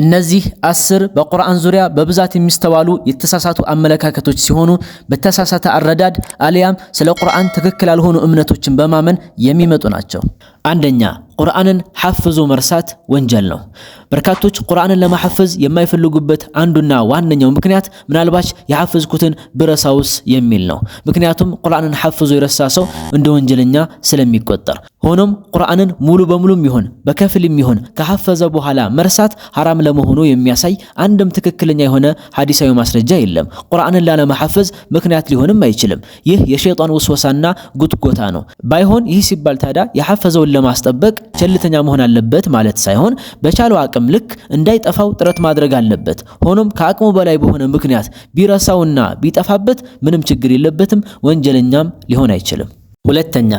እነዚህ አስር በቁርአን ዙሪያ በብዛት የሚስተዋሉ የተሳሳቱ አመለካከቶች ሲሆኑ በተሳሳተ አረዳድ አሊያም ስለ ቁርአን ትክክል ያልሆኑ እምነቶችን በማመን የሚመጡ ናቸው። አንደኛ ቁርአንን ሐፍዞ መርሳት ወንጀል ነው። በርካቶች ቁርአንን ለማሐፈዝ የማይፈልጉበት አንዱና ዋነኛው ምክንያት ምናልባች የሐፈዝኩትን ብረሳውስ የሚል ነው። ምክንያቱም ቁርአንን ሐፍዞ የረሳ ሰው እንደ ወንጀለኛ ስለሚቆጠር። ሆኖም ቁርአንን ሙሉ በሙሉም ይሆን በከፊልም ይሆን ከሐፈዘ በኋላ መርሳት ሐራም ለመሆኑ የሚያሳይ አንድም ትክክለኛ የሆነ ሐዲሳዊ ማስረጃ የለም። ቁርአንን ላለማሐፈዝ ምክንያት ሊሆንም አይችልም። ይህ የሸይጣን ውስወሳና ጉትጎታ ነው። ባይሆን ይህ ሲባል ታዲያ የሐፈዘውን ለማስጠበቅ ቸልተኛ መሆን አለበት ማለት ሳይሆን በቻለው አቅም ልክ እንዳይጠፋው ጥረት ማድረግ አለበት። ሆኖም ከአቅሙ በላይ በሆነ ምክንያት ቢረሳውና ቢጠፋበት ምንም ችግር የለበትም፣ ወንጀለኛም ሊሆን አይችልም። ሁለተኛ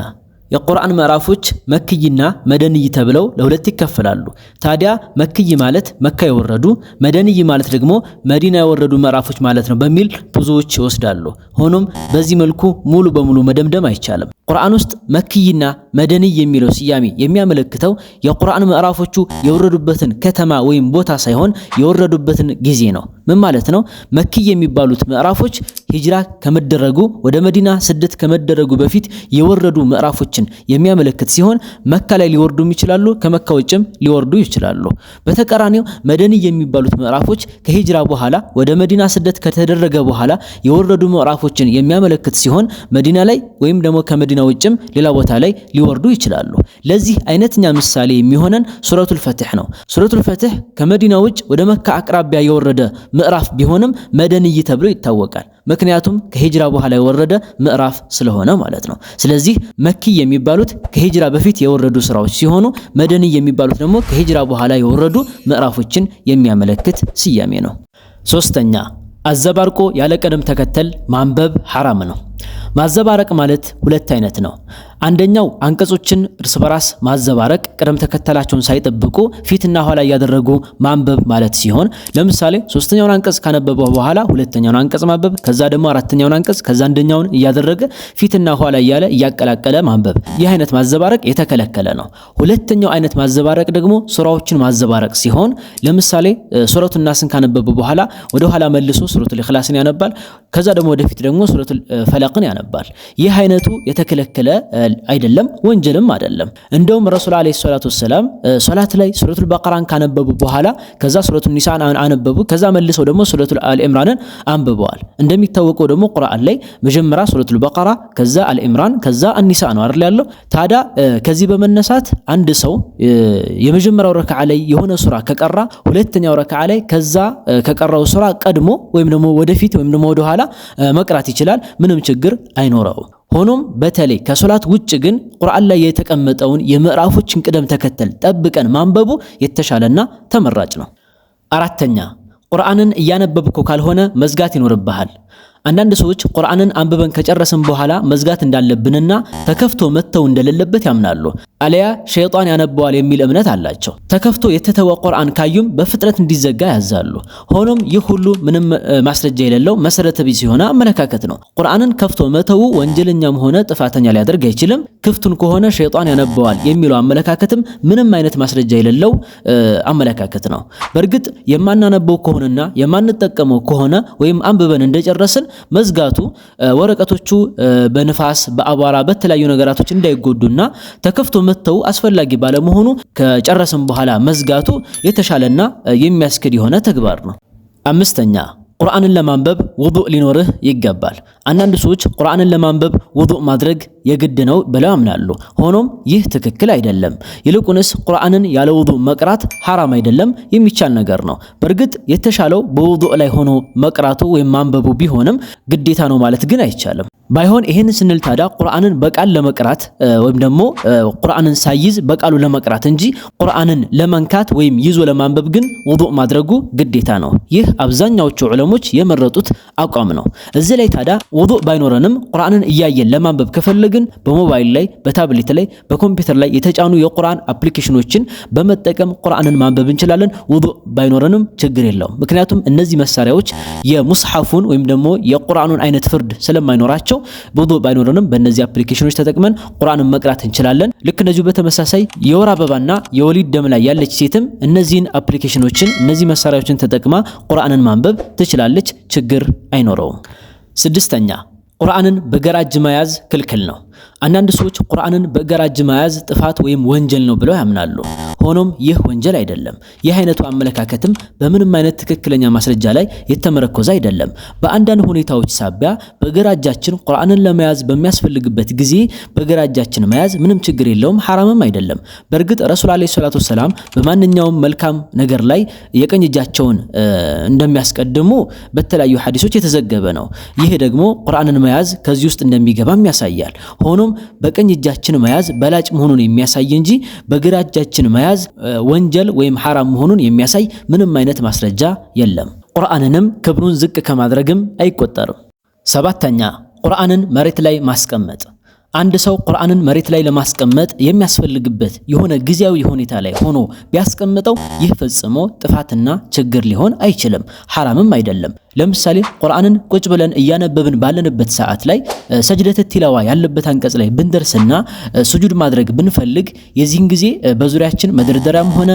የቁርአን ምዕራፎች መክይና መደንይ ተብለው ለሁለት ይከፈላሉ። ታዲያ መክይ ማለት መካ የወረዱ፣ መደንይ ማለት ደግሞ መዲና የወረዱ ምዕራፎች ማለት ነው በሚል ብዙዎች ይወስዳሉ። ሆኖም በዚህ መልኩ ሙሉ በሙሉ መደምደም አይቻልም። ቁርአን ውስጥ መክይና መደንይ የሚለው ስያሜ የሚያመለክተው የቁርአን ምዕራፎቹ የወረዱበትን ከተማ ወይም ቦታ ሳይሆን የወረዱበትን ጊዜ ነው። ምን ማለት ነው? መኪ የሚባሉት ምዕራፎች ሂጅራ ከመደረጉ ወደ መዲና ስደት ከመደረጉ በፊት የወረዱ ምዕራፎችን የሚያመለክት ሲሆን መካ ላይ ሊወርዱም ይችላሉ፣ ከመካ ውጭም ሊወርዱ ይችላሉ። በተቃራኒው መደኒ የሚባሉት ምዕራፎች ከሂጅራ በኋላ ወደ መዲና ስደት ከተደረገ በኋላ የወረዱ ምዕራፎችን የሚያመለክት ሲሆን መዲና ላይ ወይም ደግሞ ከመዲና ውጭም ሌላ ቦታ ላይ ሊወርዱ ይችላሉ። ለዚህ አይነተኛ ምሳሌ የሚሆነን ሱረቱል ፈትህ ነው። ሱረቱል ፈትህ ከመዲና ውጭ ወደ መካ አቅራቢያ የወረደ ምዕራፍ ቢሆንም መደንይ ተብሎ ይታወቃል። ምክንያቱም ከሂጅራ በኋላ የወረደ ምዕራፍ ስለሆነ ማለት ነው። ስለዚህ መኪ የሚባሉት ከሂጅራ በፊት የወረዱ ስራዎች ሲሆኑ መደንይ የሚባሉት ደግሞ ከሂጅራ በኋላ የወረዱ ምዕራፎችን የሚያመለክት ስያሜ ነው። ሶስተኛ አዘባርቆ ያለ ቅደም ተከተል ማንበብ ሐራም ነው። ማዘባረቅ ማለት ሁለት አይነት ነው። አንደኛው አንቀጾችን እርስ በራስ ማዘባረቅ ቅደም ተከተላቸውን ሳይጠብቁ ፊትና ኋላ እያደረጉ ማንበብ ማለት ሲሆን ለምሳሌ ሶስተኛውን አንቀጽ ካነበበው በኋላ ሁለተኛውን አንቀጽ ማንበብ፣ ከዛ ደግሞ አራተኛውን አንቀጽ ከዛ አንደኛውን እያደረገ ፊትና ኋላ እያለ እያቀላቀለ ማንበብ። ይህ አይነት ማዘባረቅ የተከለከለ ነው። ሁለተኛው አይነት ማዘባረቅ ደግሞ ሱራዎችን ማዘባረቅ ሲሆን ለምሳሌ ሱረቱን ናስን ካነበበ በኋላ ወደ ኋላ መልሶ ሱረቱል ኢኽላስን ያነባል። ከዛ ደግሞ ወደፊት ደግሞ ሱረቱል ፈለቅን ያነባል። ይህ አይነቱ የተከለከለ መቀጠል አይደለም፣ ወንጀልም አይደለም። እንደውም ረሱል አለይሂ ሰላቱ ወሰላም ሶላት ላይ ሱረቱል በቀራን ካነበቡ በኋላ ከዛ ሱረቱል ኒሳን አነበቡ። ከዛ መልሰው ደግሞ ሱረቱል አልኢምራንን አንብበዋል። እንደሚታወቀው ደግሞ ቁርአን ላይ መጀመሪያ ሱረቱል በቀራ ከዛ አልኢምራን ከዛ አኒሳ ነው አይደል ያለው። ታዲያ ከዚህ በመነሳት አንድ ሰው የመጀመሪያው ረክዓ ላይ የሆነ ሱራ ከቀራ ሁለተኛው ረክዓ ላይ ከዛ ከቀራው ሱራ ቀድሞ ወይም ደግሞ ወደፊት ወይም ደግሞ ወደኋላ መቅራት ይችላል። ምንም ችግር አይኖረውም። ሆኖም በተለይ ከሶላት ውጭ ግን ቁርአን ላይ የተቀመጠውን የምዕራፎችን ቅደም ተከተል ጠብቀን ማንበቡ የተሻለና ተመራጭ ነው። አራተኛ ቁርአንን እያነበብኩ ካልሆነ መዝጋት ይኖርብሃል። አንዳንድ ሰዎች ቁርአንን አንብበን ከጨረስን በኋላ መዝጋት እንዳለብንና ተከፍቶ መተው እንደሌለበት ያምናሉ። አለያ ሸይጣን ያነበዋል የሚል እምነት አላቸው። ተከፍቶ የተተወ ቁርአን ካዩም በፍጥነት እንዲዘጋ ያዛሉ። ሆኖም ይህ ሁሉ ምንም ማስረጃ የሌለው መሰረተ ቢስ የሆነ አመለካከት ነው። ቁርአንን ከፍቶ መተው ወንጀለኛም ሆነ ጥፋተኛ ሊያደርግ አይችልም። ክፍቱን ከሆነ ሸይጣን ያነበዋል የሚለው አመለካከትም ምንም አይነት ማስረጃ የሌለው አመለካከት ነው። በእርግጥ የማናነበው ከሆነና የማንጠቀመው ከሆነ ወይም አንብበን እንደጨረስን መዝጋቱ ወረቀቶቹ በንፋስ በአቧራ በተለያዩ ነገራቶች እንዳይጎዱና ተከፍቶ መተው አስፈላጊ ባለመሆኑ ከጨረስን በኋላ መዝጋቱ የተሻለና የሚያስክድ የሆነ ተግባር ነው። አምስተኛ ቁርአንን ለማንበብ ውዱእ ሊኖርህ ይገባል። አንዳንድ ሰዎች ቁርአንን ለማንበብ ውዱእ ማድረግ የግድ ነው ብለው ያምናሉ። ሆኖም ይህ ትክክል አይደለም። ይልቁንስ ቁርአንን ያለ ውዱእ መቅራት ሐራም አይደለም፣ የሚቻል ነገር ነው። በእርግጥ የተሻለው በውዱእ ላይ ሆኖ መቅራቱ ወይም ማንበቡ ቢሆንም ግዴታ ነው ማለት ግን አይቻልም። ባይሆን ይህን ስንል ታዲያ ቁርአንን በቃል ለመቅራት ወይም ደግሞ ቁርአንን ሳይዝ በቃሉ ለመቅራት እንጂ ቁርአንን ለመንካት ወይም ይዞ ለማንበብ ግን ውዱእ ማድረጉ ግዴታ ነው። ይህ አብዛኛዎቹ ዑለሞች የመረጡት አቋም ነው። እዚህ ላይ ታዲያ ውዱእ ባይኖረንም ቁርአንን እያየን ለማንበብ ከፈለግን በሞባይል ላይ፣ በታብሌት ላይ፣ በኮምፒውተር ላይ የተጫኑ የቁርአን አፕሊኬሽኖችን በመጠቀም ቁርአንን ማንበብ እንችላለን። ውዱእ ባይኖረንም ችግር የለውም። ምክንያቱም እነዚህ መሳሪያዎች የሙስሐፉን ወይም ደግሞ የቁርአኑን አይነት ፍርድ ስለማይኖራቸው ናቸው። ብዙ ባይኖረንም በእነዚህ አፕሊኬሽኖች ተጠቅመን ቁርአንን መቅራት እንችላለን። ልክ እንደዚሁ በተመሳሳይ የወር አበባና የወሊድ ደም ላይ ያለች ሴትም እነዚህን አፕሊኬሽኖችን እነዚህ መሳሪያዎችን ተጠቅማ ቁርአንን ማንበብ ትችላለች። ችግር አይኖረውም። ስድስተኛ ቁርአንን በገራጅ እጅ መያዝ ክልክል ነው። አንዳንድ ሰዎች ቁርአንን በግራ እጅ መያዝ ጥፋት ወይም ወንጀል ነው ብለው ያምናሉ። ሆኖም ይህ ወንጀል አይደለም። ይህ አይነቱ አመለካከትም በምንም አይነት ትክክለኛ ማስረጃ ላይ የተመረኮዘ አይደለም። በአንዳንድ ሁኔታዎች ሳቢያ በግራ እጃችን ቁርአንን ለመያዝ በሚያስፈልግበት ጊዜ በግራ እጃችን መያዝ ምንም ችግር የለውም፣ ሐራምም አይደለም። በእርግጥ ረሱል ዓለይሂ ሰላቱ ወሰላም በማንኛውም መልካም ነገር ላይ የቀኝ እጃቸውን እንደሚያስቀድሙ በተለያዩ ሐዲሶች የተዘገበ ነው። ይህ ደግሞ ቁርአንን መያዝ ከዚህ ውስጥ እንደሚገባም ያሳያል። ሆኖም በቀኝ እጃችን መያዝ በላጭ መሆኑን የሚያሳይ እንጂ በግራ እጃችን መያዝ ወንጀል ወይም ሐራም መሆኑን የሚያሳይ ምንም አይነት ማስረጃ የለም። ቁርአንንም ክብሩን ዝቅ ከማድረግም አይቆጠርም። ሰባተኛ ቁርአንን መሬት ላይ ማስቀመጥ አንድ ሰው ቁርአንን መሬት ላይ ለማስቀመጥ የሚያስፈልግበት የሆነ ጊዜያዊ ሁኔታ ላይ ሆኖ ቢያስቀምጠው ይህ ፈጽሞ ጥፋትና ችግር ሊሆን አይችልም፣ ሐራምም አይደለም። ለምሳሌ ቁርአንን ቁጭ ብለን እያነበብን ባለንበት ሰዓት ላይ ሰጅደተ ቲላዋ ያለበት አንቀጽ ላይ ብንደርስና ስጁድ ማድረግ ብንፈልግ የዚህን ጊዜ በዙሪያችን መደርደሪያም ሆነ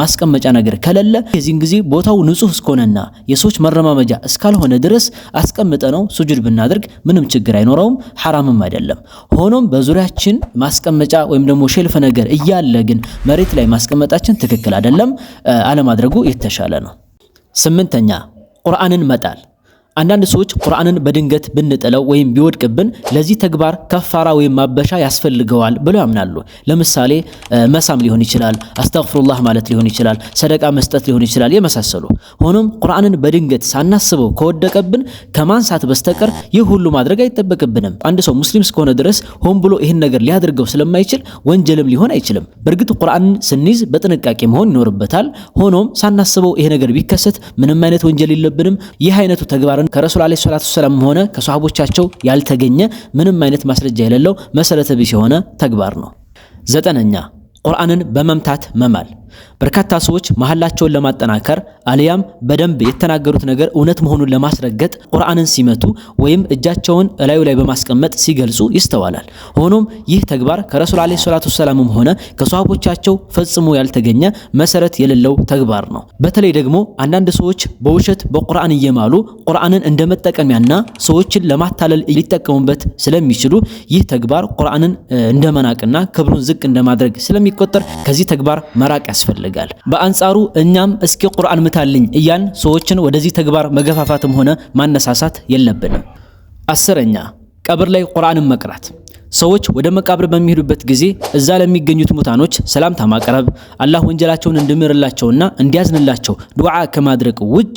ማስቀመጫ ነገር ከሌለ የዚህን ጊዜ ቦታው ንጹህ እስከሆነና የሰዎች መረማመጃ እስካልሆነ ድረስ አስቀምጠ ነው ስጁድ ብናደርግ ምንም ችግር አይኖረውም፣ ሐራምም አይደለም። ሆኖም በዙሪያችን ማስቀመጫ ወይም ደግሞ ሼልፍ ነገር እያለ ግን መሬት ላይ ማስቀመጣችን ትክክል አይደለም። አለማድረጉ የተሻለ ነው። ስምንተኛ ቁርአንን መጣል አንዳንድ ሰዎች ቁርአንን በድንገት ብንጥለው ወይም ቢወድቅብን ለዚህ ተግባር ከፋራ ወይም ማበሻ ያስፈልገዋል ብለው ያምናሉ። ለምሳሌ መሳም ሊሆን ይችላል፣ አስተግፍሩላህ ማለት ሊሆን ይችላል፣ ሰደቃ መስጠት ሊሆን ይችላል የመሳሰሉ። ሆኖም ቁርአንን በድንገት ሳናስበው ከወደቀብን ከማንሳት በስተቀር ይህ ሁሉ ማድረግ አይጠበቅብንም። አንድ ሰው ሙስሊም እስከሆነ ድረስ ሆን ብሎ ይህን ነገር ሊያደርገው ስለማይችል ወንጀልም ሊሆን አይችልም። በእርግጥ ቁርአንን ስንይዝ በጥንቃቄ መሆን ይኖርበታል። ሆኖም ሳናስበው ይሄ ነገር ቢከሰት ምንም አይነት ወንጀል የለብንም። ይህ አይነቱ ተግባር ከረሱል አለይሂ ሰላቱ ሰላም ሆነ ከሷሃቦቻቸው ያልተገኘ ምንም አይነት ማስረጃ የሌለው መሰረተ ቢስ የሆነ ተግባር ነው። ዘጠነኛ ቁርአንን በመምታት መማል በርካታ ሰዎች መሐላቸውን ለማጠናከር አልያም በደንብ የተናገሩት ነገር እውነት መሆኑን ለማስረገጥ ቁርአንን ሲመቱ ወይም እጃቸውን እላዩ ላይ በማስቀመጥ ሲገልጹ ይስተዋላል። ሆኖም ይህ ተግባር ከረሱል አለይሂ ሰላቱ ወሰላምም ሆነ ከሷቦቻቸው ፈጽሞ ያልተገኘ መሰረት የሌለው ተግባር ነው። በተለይ ደግሞ አንዳንድ ሰዎች በውሸት በቁርአን እየማሉ ቁርአንን እንደ መጠቀሚያና ሰዎችን ለማታለል ሊጠቀሙበት ስለሚችሉ ይህ ተግባር ቁርአንን እንደመናቅና ክብሩን ዝቅ እንደማድረግ ስለሚቆጠር ከዚህ ተግባር መራቅ ያስፈልጋል። በአንጻሩ እኛም እስኪ ቁርአን ምታልኝ እያን ሰዎችን ወደዚህ ተግባር መገፋፋትም ሆነ ማነሳሳት የለብንም። አስረኛ ቀብር ላይ ቁርአንን መቅራት ሰዎች ወደ መቃብር በሚሄዱበት ጊዜ እዛ ለሚገኙት ሙታኖች ሰላምታ ማቅረብ አላህ ወንጀላቸውን እንድምርላቸውና እንዲያዝንላቸው ዱዓ ከማድረግ ውጭ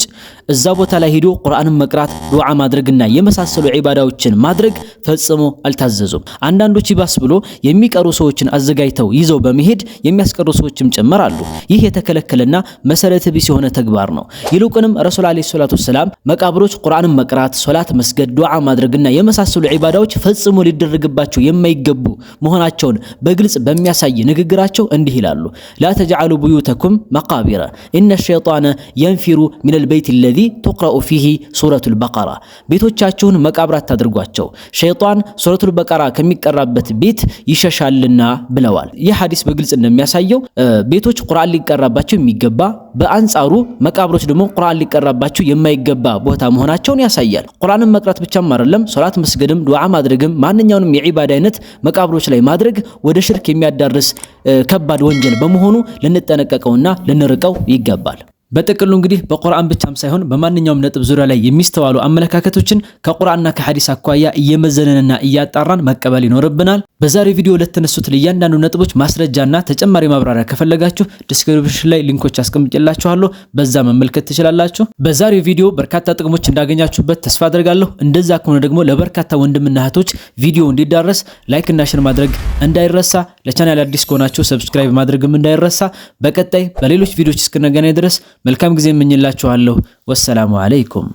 እዛ ቦታ ላይ ሄዶ ቁርአንን መቅራት፣ ዱዓ ማድረግና የመሳሰሉ ዒባዳዎችን ማድረግ ፈጽሞ አልታዘዙም። አንዳንዶች ይባስ ብሎ የሚቀሩ ሰዎችን አዘጋጅተው ይዘው በመሄድ የሚያስቀሩ ሰዎችም ጭምር አሉ። ይህ የተከለከለና መሰረተ ቢስ የሆነ ተግባር ነው። ይልቁንም ረሱል አለይሂ ሰላቱ ሰላም መቃብሮች ቁርአንን መቅራት፣ ሶላት መስገድ፣ ዱዓ ማድረግና የመሳሰሉ ዒባዳዎች ፈጽሞ ሊደረግባቸው የማይገቡ መሆናቸውን በግልጽ በሚያሳይ ንግግራቸው እንዲህ ይላሉ ላ ተጅዓሉ ቡዩተኩም መቃቢረ ኢነ ሸይጣነ የንፊሩ ሚነል በይት አለዚ ቱቅረኡ ፊሂ ሱረቱል በቀራ ቤቶቻችሁን መቃብራት አታድርጓቸው፣ ሸይጣን ሱረቱል በቀራ ከሚቀራበት ቤት ይሸሻልና ብለዋል። ይህ ሐዲስ በግልጽ እንደሚያሳየው ቤቶች ቁርአን ሊቀራባቸው የሚገባ በአንጻሩ መቃብሮች ደግሞ ቁርአን ሊቀራባቸው የማይገባ ቦታ መሆናቸውን ያሳያል። ቁርአንን መቅራት ብቻም አይደለም፣ ሶላት መስገድም፣ ዱዓ ማድረግም ማንኛውንም የዒባዳ አይነት መቃብሮች ላይ ማድረግ ወደ ሽርክ የሚያዳርስ ከባድ ወንጀል በመሆኑ ልንጠነቀቀውና ልንርቀው ይገባል። በጥቅሉ እንግዲህ በቁርአን ብቻም ሳይሆን በማንኛውም ነጥብ ዙሪያ ላይ የሚስተዋሉ አመለካከቶችን ከቁርአንና ከሐዲስ አኳያ እየመዘነንና እያጣራን መቀበል ይኖርብናል። በዛሬው ቪዲዮ ለተነሱት ለእያንዳንዱ ነጥቦች ማስረጃና ተጨማሪ ማብራሪያ ከፈለጋችሁ ዲስክሪፕሽን ላይ ሊንኮች አስቀምጬላችኋለሁ፣ በዛ መመልከት ትችላላችሁ። በዛሬው ቪዲዮ በርካታ ጥቅሞች እንዳገኛችሁበት ተስፋ አድርጋለሁ። እንደዛ ከሆነ ደግሞ ለበርካታ ወንድምና እህቶች ቪዲዮ እንዲዳረስ ላይክና ሼር ማድረግ እንዳይረሳ ለቻናል አዲስ ከሆናችሁ ሰብስክራይብ ማድረግም እንዳይረሳ። በቀጣይ በሌሎች ቪዲዮዎች እስክንገናኝ ድረስ መልካም ጊዜ እመኝላችኋለሁ። ወሰላሙ አለይኩም